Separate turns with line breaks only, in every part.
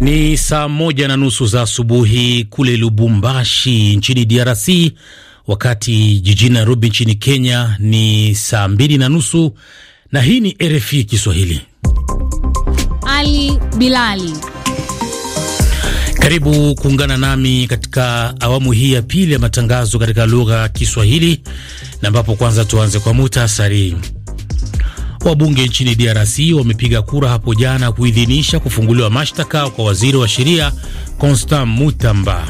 Ni saa moja na nusu za asubuhi kule Lubumbashi nchini DRC, wakati jijini Nairobi nchini Kenya ni saa mbili na nusu na hii ni RFI Kiswahili.
Ali Bilali,
karibu kuungana nami katika awamu hii ya pili ya matangazo katika lugha ya Kiswahili, na ambapo kwanza tuanze kwa muhtasari. Wabunge nchini DRC wamepiga kura hapo jana kuidhinisha kufunguliwa mashtaka kwa waziri wa sheria Constant Mutamba.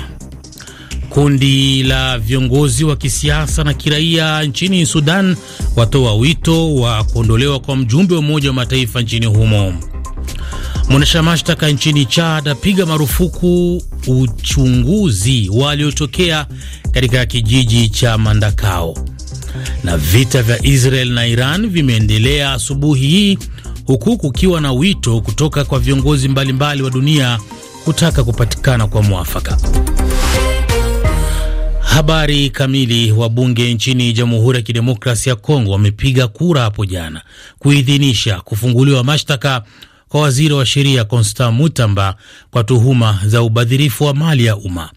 Kundi la viongozi wa kisiasa na kiraia nchini Sudan watoa wito wa kuondolewa kwa mjumbe wa Umoja wa Mataifa nchini humo. Mwendesha mashtaka nchini Chad apiga marufuku uchunguzi waliotokea katika kijiji cha Mandakao na vita vya Israel na Iran vimeendelea asubuhi hii huku kukiwa na wito kutoka kwa viongozi mbalimbali wa dunia kutaka kupatikana kwa mwafaka. Habari kamili. Wabunge nchini Jamhuri ya Kidemokrasia ya Kongo wamepiga kura hapo jana kuidhinisha kufunguliwa mashtaka kwa waziri wa sheria Constant Mutamba kwa tuhuma za ubadhirifu wa mali ya umma.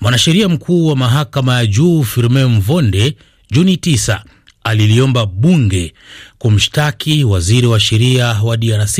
Mwanasheria mkuu wa mahakama ya juu Firmin Mvonde Juni 9 aliliomba bunge kumshtaki waziri wa sheria wa DRC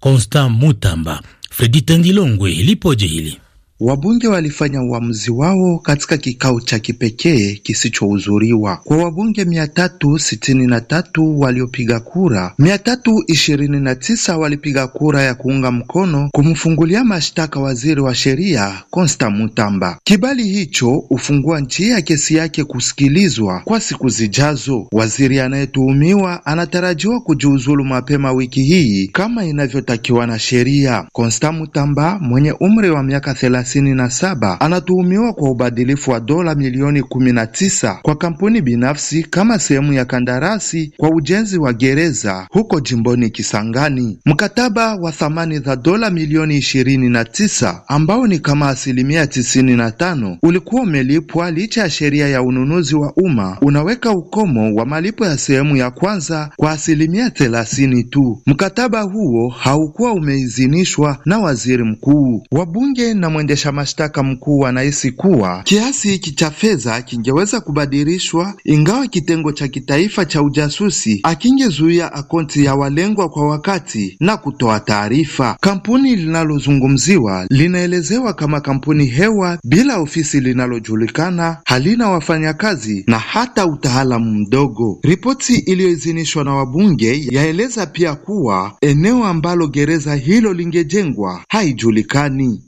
Constant Mutamba. Fredi Tendilongwe, lipoje hili?
Wabunge walifanya uamuzi wao katika kikao cha kipekee kisichohudhuriwa. Kwa wabunge 363 waliopiga kura, 329 walipiga kura ya kuunga mkono kumfungulia mashtaka waziri wa sheria konsta Mutamba. Kibali hicho hufungua njia ya kesi yake kusikilizwa kwa siku zijazo. Waziri anayetuhumiwa anatarajiwa kujiuzulu mapema wiki hii kama inavyotakiwa na sheria. Konsta Mutamba mwenye umri wa miaka 37 anatuhumiwa kwa ubadilifu wa dola milioni 19 kwa kampuni binafsi kama sehemu ya kandarasi kwa ujenzi wa gereza huko jimboni Kisangani. Mkataba wa thamani za dola milioni 29 ambao ni kama asilimia 95 ulikuwa umelipwa licha ya sheria ya ununuzi wa umma unaweka ukomo wa malipo ya sehemu ya kwanza kwa asilimia 30 tu. Mkataba huo haukuwa umeidhinishwa na waziri mkuu. Wabunge na mwende mwendesha mashtaka mkuu anahisi kuwa kiasi hiki cha fedha kingeweza kubadilishwa, ingawa kitengo cha kitaifa cha ujasusi akingezuia akaunti ya walengwa kwa wakati na kutoa taarifa. Kampuni linalozungumziwa linaelezewa kama kampuni hewa bila ofisi linalojulikana, halina wafanyakazi na hata utaalamu mdogo. Ripoti iliyoidhinishwa na wabunge yaeleza pia kuwa eneo ambalo gereza hilo lingejengwa haijulikani.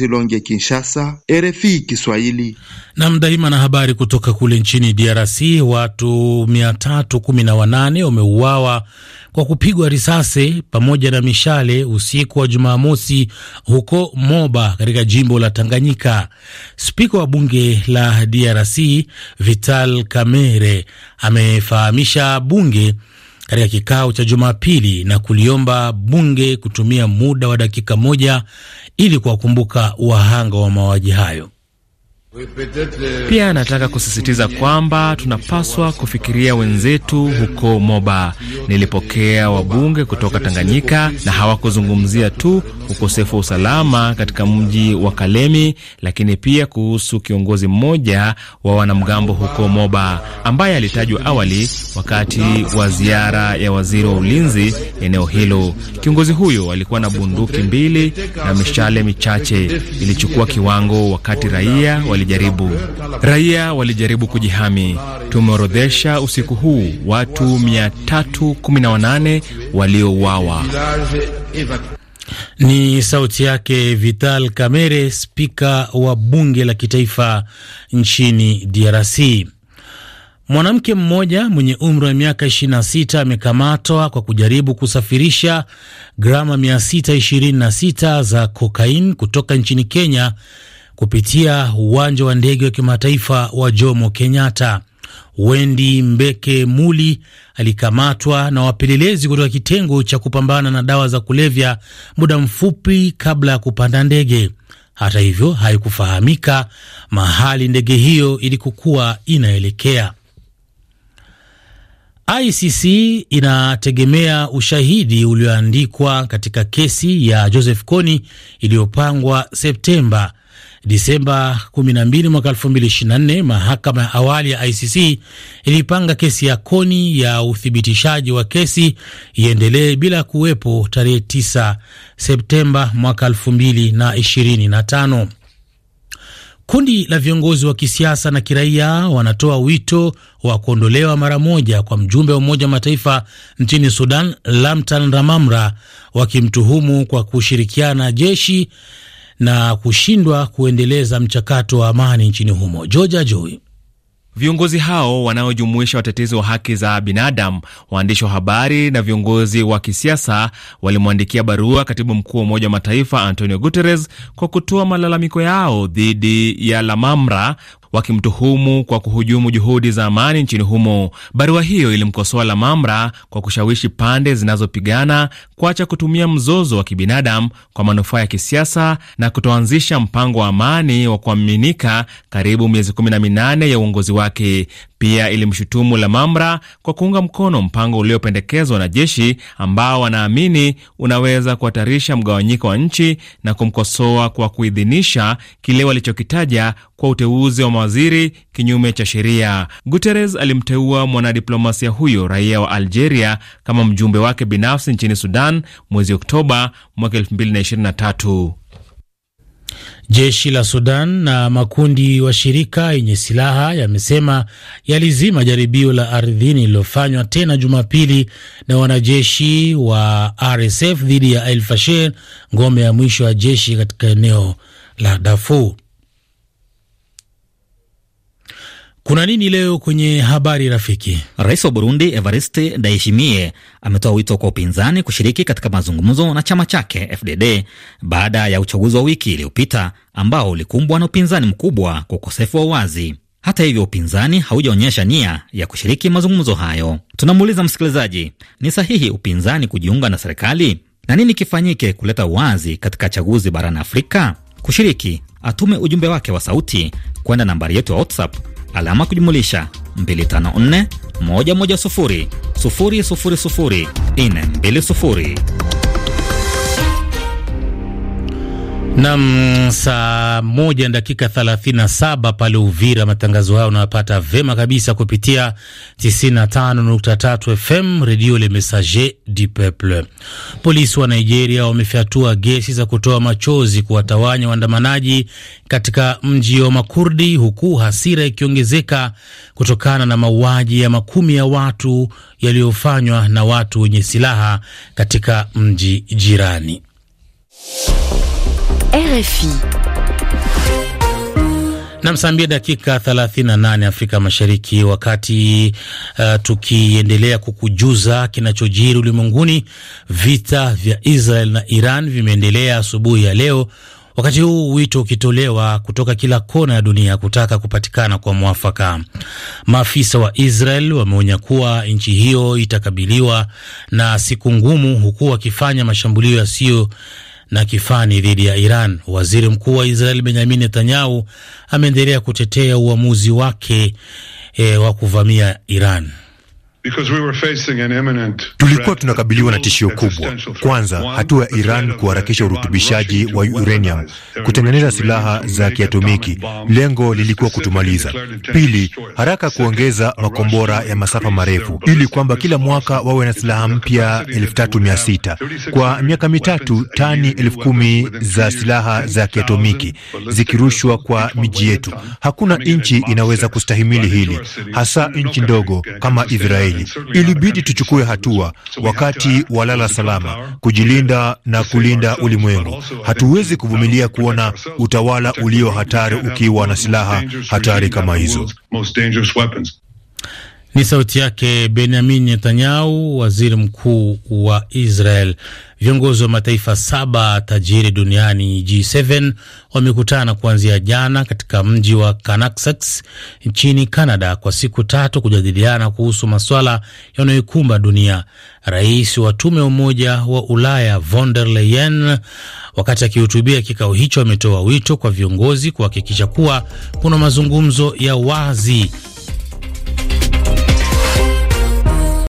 Zilonge, Kinshasa, RFI Kiswahili
nam daima. Na habari kutoka kule nchini DRC, watu 318 wameuawa kwa kupigwa risasi pamoja na mishale usiku wa Jumamosi huko Moba katika jimbo la Tanganyika. Spika wa bunge la DRC Vital Kamerhe amefahamisha bunge katika kikao cha Jumapili na kuliomba bunge kutumia
muda wa dakika moja ili kuwakumbuka wahanga wa mauaji hayo. Pia nataka kusisitiza kwamba tunapaswa kufikiria wenzetu huko Moba. Nilipokea wabunge kutoka Tanganyika na hawakuzungumzia tu ukosefu wa usalama katika mji wa Kalemi, lakini pia kuhusu kiongozi mmoja wa wanamgambo huko Moba ambaye alitajwa awali wakati wa ziara ya waziri wa ulinzi eneo hilo. Kiongozi huyo alikuwa na bunduki mbili na mishale michache. Ilichukua kiwango wakati raia walijaribu raia walijaribu kujihami. Tumeorodhesha usiku huu watu 318 waliouawa.
Ni sauti yake Vital Kamerhe, spika wa bunge la kitaifa nchini DRC. Mwanamke mmoja mwenye umri wa miaka 26 amekamatwa kwa kujaribu kusafirisha grama 626 za kokain kutoka nchini Kenya kupitia uwanja wa ndege wa kimataifa wa Jomo Kenyatta. Wendi Mbeke Muli alikamatwa na wapelelezi kutoka kitengo cha kupambana na dawa za kulevya muda mfupi kabla ya kupanda ndege. Hata hivyo, haikufahamika mahali ndege hiyo ilikokuwa inaelekea. ICC inategemea ushahidi ulioandikwa katika kesi ya Joseph Kony iliyopangwa Septemba Disemba 12 mwaka 2024, mahakama ya awali ya ICC ilipanga kesi ya Koni ya uthibitishaji wa kesi iendelee bila kuwepo tarehe 9 Septemba mwaka 2025. Kundi la viongozi wa kisiasa na kiraia wanatoa wito wa kuondolewa mara moja kwa mjumbe wa Umoja wa Mataifa nchini Sudan, Lamtan Ramamra, wakimtuhumu kwa kushirikiana na jeshi na kushindwa kuendeleza mchakato wa amani
nchini humo. Georgia Joi. Viongozi hao wanaojumuisha watetezi wa haki za binadamu, waandishi wa habari na viongozi wa kisiasa walimwandikia barua katibu mkuu wa Umoja wa Mataifa Antonio Guterres kwa kutoa malalamiko yao dhidi ya Lamamra, wakimtuhumu kwa kuhujumu juhudi za amani nchini humo. Barua hiyo ilimkosoa Lamamra kwa kushawishi pande zinazopigana kuacha kutumia mzozo wa kibinadamu kwa manufaa ya kisiasa na kutoanzisha mpango wa amani wa kuaminika karibu miezi 18 ya uongozi wake. Pia ilimshutumu Lamamra kwa kuunga mkono mpango uliopendekezwa na jeshi ambao wanaamini unaweza kuhatarisha mgawanyiko wa nchi na kumkosoa kwa kuidhinisha kile walichokitaja kwa uteuzi wa mawaziri kinyume cha sheria. Guterres alimteua mwanadiplomasia huyo raia wa Algeria kama mjumbe wake binafsi nchini Sudan mwezi Oktoba mwaka 2023. Jeshi la Sudan na makundi
wa shirika yenye silaha yamesema yalizima jaribio la ardhini lililofanywa tena Jumapili na wanajeshi wa RSF dhidi ya El Fasher, ngome ya mwisho ya jeshi katika eneo la Darfur. Kuna nini leo kwenye habari rafiki? Rais wa Burundi Evariste Ndayishimiye ametoa wito kwa upinzani kushiriki katika mazungumzo na chama chake FDD baada ya uchaguzi wa wiki iliyopita ambao ulikumbwa na upinzani mkubwa kwa ukosefu wa uwazi. Hata hivyo, upinzani haujaonyesha nia ya kushiriki mazungumzo hayo. Tunamuuliza msikilizaji, ni sahihi upinzani kujiunga na serikali na nini kifanyike kuleta uwazi katika chaguzi barani Afrika? Kushiriki atume ujumbe wake wa sauti kwenda nambari yetu ya WhatsApp alama kujumulisha 254 110 000 420. Nam, saa moja na dakika 37 pale Uvira. Matangazo hayo unayopata vema kabisa kupitia 95.3 FM redio Le Messager du Peuple. Polisi wa Nigeria wamefyatua gesi za kutoa machozi kuwatawanya waandamanaji katika mji wa Makurdi, huku hasira ikiongezeka kutokana na mauaji ya makumi ya watu yaliyofanywa na watu wenye silaha katika mji jirani. RFI. Nam, saa mbili dakika 38 Afrika Mashariki, wakati uh, tukiendelea kukujuza kinachojiri ulimwenguni. Vita vya Israel na Iran vimeendelea asubuhi ya leo, wakati huu wito ukitolewa kutoka kila kona ya dunia kutaka kupatikana kwa mwafaka. Maafisa wa Israel wameonya kuwa nchi hiyo itakabiliwa na siku ngumu, huku wakifanya mashambulio yasiyo na kifani dhidi ya Iran. Waziri mkuu wa Israel Benyamin Netanyahu ameendelea kutetea uamuzi wake e, wa kuvamia Iran.
Tulikuwa tunakabiliwa na tishio kubwa. Kwanza, hatua ya Iran kuharakisha urutubishaji wa uranium, kutengeneza silaha za kiatomiki, lengo lilikuwa kutumaliza. Pili, haraka kuongeza makombora ya masafa marefu, ili kwamba kila mwaka wawe na silaha mpya elfu kwa miaka mitatu. Tani 10000 za silaha za kiatomiki zikirushwa kwa miji yetu. Hakuna nchi inaweza kustahimili hili, hasa nchi ndogo kama Israeli. Israeli. Ilibidi tuchukue hatua wakati walala salama, kujilinda na kulinda ulimwengu. Hatuwezi kuvumilia kuona utawala ulio hatari ukiwa na silaha hatari kama hizo. Ni sauti yake Benyamin
Netanyahu, waziri mkuu wa Israel. Viongozi wa mataifa saba tajiri duniani G7 wamekutana kuanzia jana katika mji wa Kanaksax nchini Canada kwa siku tatu kujadiliana kuhusu masuala yanayoikumba dunia. Rais wa tume ya Umoja wa Ulaya von der Leyen, wakati akihutubia kikao hicho, ametoa wito kwa viongozi kuhakikisha kuwa kuna
mazungumzo ya wazi